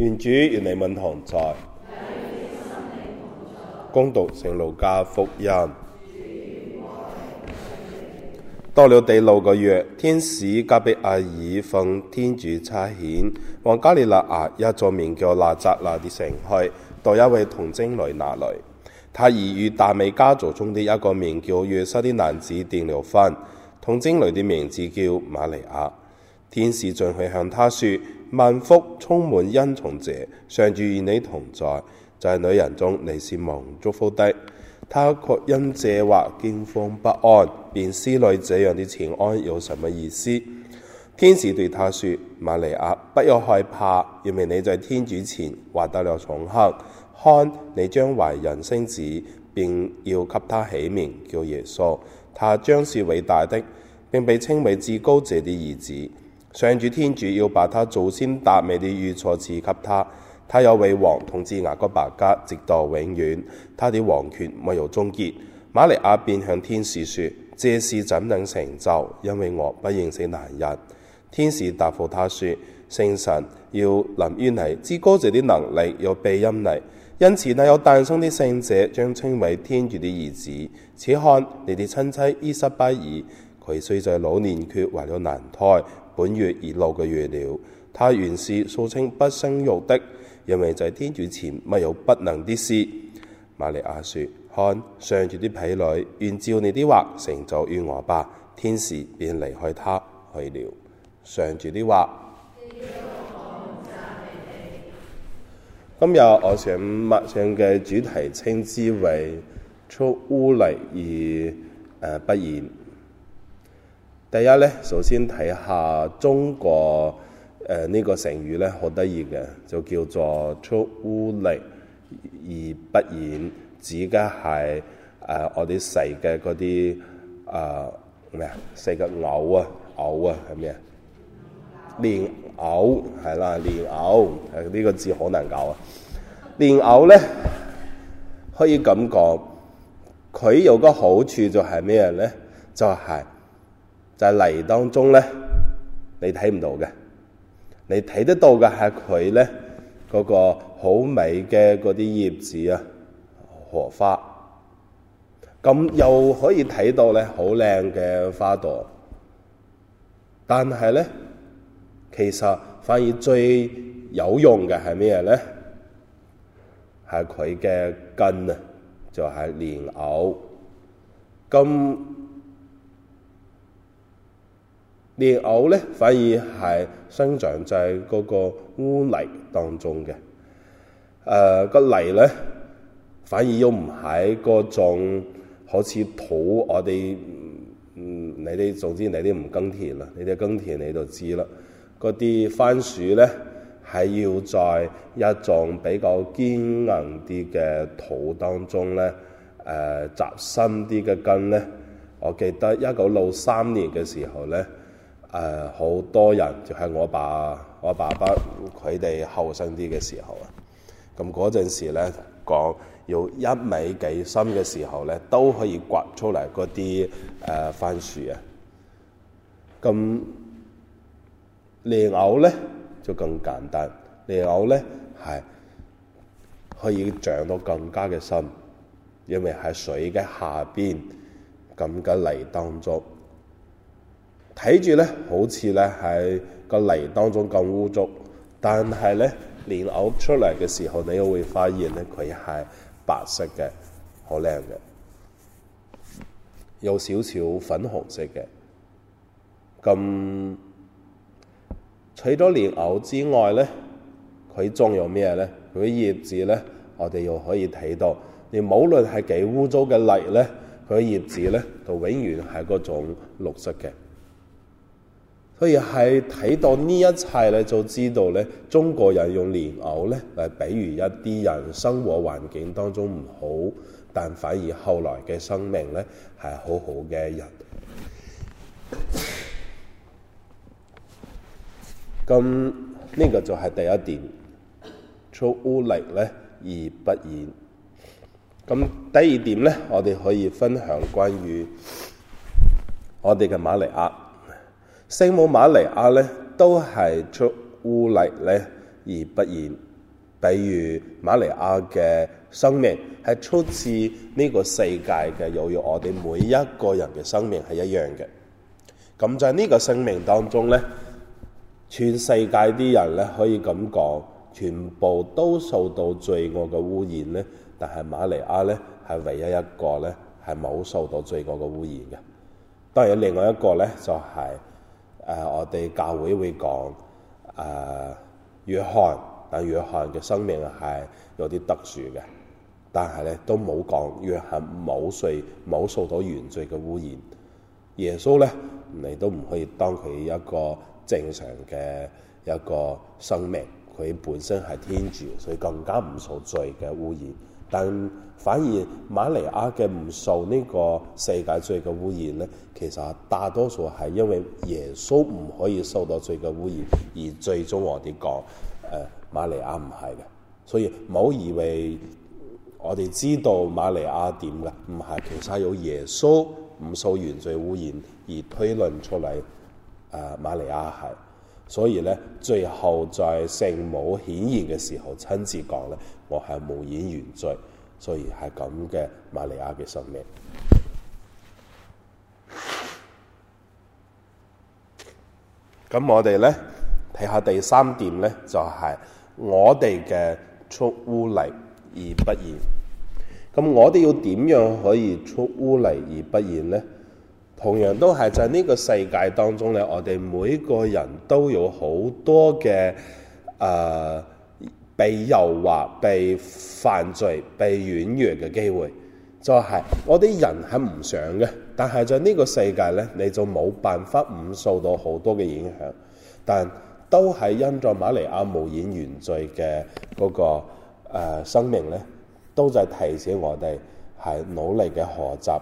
願主與你們同在，恭讀聖路加福音。到了第六個月，天使加俾額爾奉天主差遣，往加里肋亞一座名叫納匝勒的城去，到一位童貞女那裏。他已與達味家族中的一個名叫若瑟的男子訂了婚。童貞女的名字叫瑪利亞。天使進去向他說。萬福充滿恩寵者，上主與你同在。在、就是、女人中，你是蒙祝福的。他卻因這話驚慌不安，便思慮這樣的請安有什麼意思？天使對他說：瑪利亞，不要害怕，因為你在天主前獲得了寵幸。看，你將懷孕生子，便要給他起名叫耶穌。他將是偉大的，並被稱為至高者的兒子。上主天主要把他祖先達味的御座賜給他，他有為王統治雅各伯家，直到永遠，他的王權沒有終結。瑪利亞便向天使說：這事怎能成就？因為我不認識男人。天使答復他說：聖神要臨於你，至高者的能力要庇廕你，因此那有誕生的聖者，將稱為天主的兒子。此看你哋親戚伊撒伯爾。佢雖在老年，卻，懷咗男胎，本月已六個月了。他原是素稱不生育的，因為在天主前沒有不能的事。瑪利亞說：看上主啲婢女，願照你啲話成就於我吧。天使便離開他去了。上主啲話。今日我想默上嘅主題稱之為出污泥而、呃、不染。第一咧，首先睇下中國誒呢、呃這個成語咧，好得意嘅，就叫做出污泥而不染，指嘅係誒我哋細嘅嗰啲誒咩啊，細嘅藕啊，藕啊係咩啊？蓮藕係啦，蓮藕係呢個字好難搞啊！蓮藕咧可以咁講，佢有個好處就係咩咧？就係、是就係、是、泥當中咧，你睇唔到嘅，你睇得到嘅係佢咧嗰個好美嘅嗰啲葉子啊、荷花，咁又可以睇到咧好靚嘅花朵。但係咧，其實反而最有用嘅係咩嘢咧？係佢嘅根啊，就係、是、蓮藕咁。蓮藕咧，反而係生長在嗰個污泥當中嘅、呃。誒，個泥咧，反而又唔喺嗰種好似土。我哋嗯，你哋總之你哋唔耕田啦，你哋耕田你就知啦。嗰啲番薯咧，係要在一種比較堅硬啲嘅土當中咧，誒、呃，扎深啲嘅根咧。我記得一九六三年嘅時候咧。誒、呃、好多人就係、是、我爸、我爸爸佢哋後生啲嘅時候啊，咁嗰陣時咧講要一米幾深嘅時候咧，都可以掘出嚟嗰啲誒番薯啊。咁蓮藕咧就更簡單，蓮藕咧係可以長到更加嘅深，因為喺水嘅下邊咁嘅泥當中。睇住咧，好似咧喺個泥當中咁污糟，但係咧蓮藕出嚟嘅時候，你又會發現咧佢係白色嘅，好靚嘅，有少少粉紅色嘅。咁除咗蓮藕之外咧，佢仲有咩咧？佢葉子咧，我哋又可以睇到。你無論係幾污糟嘅泥咧，佢葉子咧就永遠係嗰種綠色嘅。所以係睇到呢一切咧，就知道咧，中國人用蓮藕咧，嚟比喻一啲人生活環境當中唔好，但反而後來嘅生命咧係好好嘅人。咁呢個就係第一點，出污泥咧而不染。咁第二點咧，我哋可以分享關於我哋嘅瑪利亞。聖母瑪利亞咧，都係出污泥而不染。比如瑪利亞嘅生命係出自呢個世界嘅，有如我哋每一個人嘅生命係一樣嘅。咁在呢個生命當中咧，全世界啲人咧，可以咁講，全部都受到罪惡嘅污染咧。但係瑪利亞咧係唯一一個咧係冇受到罪惡嘅污染嘅。當然，另外一個咧就係、是。誒、uh、我哋教會會講誒、uh、約翰，但約翰嘅生命係有啲特殊嘅，但係咧都冇講約翰冇罪冇受到原罪嘅污染。耶穌咧，你都唔可以當佢一個正常嘅一個生命，佢本身係天主，所以更加唔受罪嘅污染。但反而瑪利亞嘅唔受呢個世界罪嘅污染咧，其實大多數係因為耶穌唔可以受到罪嘅污染，而最終我哋講，誒瑪利亞唔係嘅，所以冇以為我哋知道瑪利亞點嘅，唔係，其實有耶穌唔受原罪污染而推論出嚟，誒瑪利亞係。所以咧，最後在聖母顯現嘅時候，親自講咧，我係無玷原罪，所以係咁嘅瑪利亞嘅信念。咁我哋咧睇下第三點咧，就係、是、我哋嘅出污泥而不染。咁我哋要點樣可以出污泥而不染咧？同樣都係在呢個世界當中咧，我哋每個人都有好多嘅誒、呃、被誘惑、被犯罪、被軟弱嘅機會。就係、是、我啲人係唔想嘅，但係在呢個世界咧，你就冇辦法唔受到好多嘅影響。但都係因咗馬利亞無染原罪嘅嗰、那個、呃、生命咧，都在提醒我哋係努力嘅學習。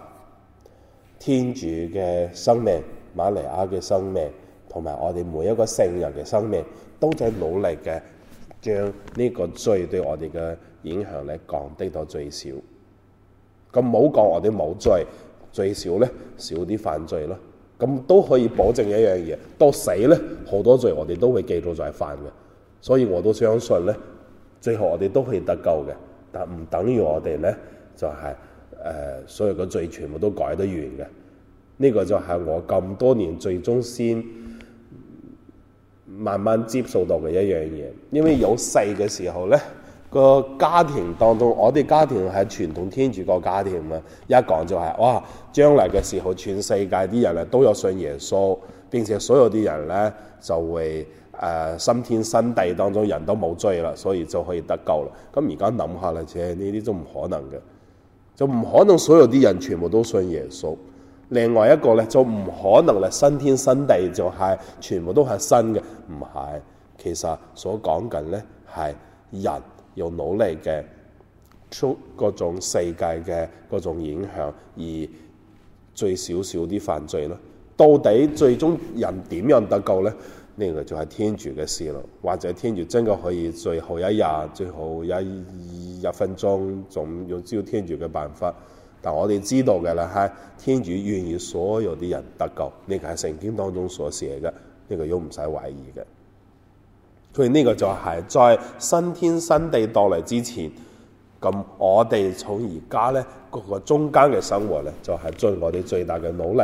天主嘅生命、瑪利亞嘅生命，同埋我哋每一個聖人嘅生命，都在努力嘅將呢個罪對我哋嘅影響力降低到最少。咁唔好講我哋冇罪，最少咧少啲犯罪咯。咁都可以保證一樣嘢，到死咧好多罪我哋都會繼續犯嘅。所以我都相信咧，最後我哋都可以得救嘅。但唔等於我哋咧就係、是。誒，所有嘅罪全部都改得完嘅，呢個就係我咁多年最終先慢慢接受到嘅一樣嘢。因為有細嘅時候咧，個家庭當中，我哋家庭係傳統天主教家庭啊，一講就係，哇，將來嘅時候全世界啲人啊都有信耶穌，並且所有啲人咧就會誒新天新地當中人都冇罪啦，所以就可以得救啦。咁而家諗下啦，誒呢啲都唔可能嘅。就唔可能所有啲人全部都信耶穌。另外一個咧，就唔可能咧，新天新地就係全部都係新嘅，唔係。其實所講緊咧係人要努力嘅出各種世界嘅各種影響，而最少少啲犯罪啦。到底最終人點樣得救咧？呢個就係天主嘅事咯，或者天主真嘅可以最後一日、最後一一分鐘，仲要照天主嘅辦法。但我哋知道嘅啦，係，天主願意所有啲人得救，呢個係聖經當中所寫嘅，呢個都唔使懷疑嘅。所以呢個就係在新天新地到嚟之前，咁我哋從而家咧嗰個中間嘅生活咧，就係盡我哋最大嘅努力，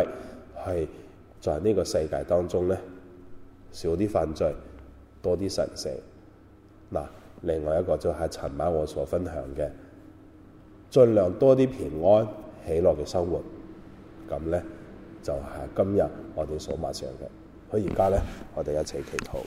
係在呢個世界當中咧。少啲犯罪，多啲神聖。嗱，另外一個就係尋晚我所分享嘅，盡量多啲平安喜樂嘅生活。咁咧就係、是、今日我哋所碼上嘅。佢而家咧，我哋一齊祈禱。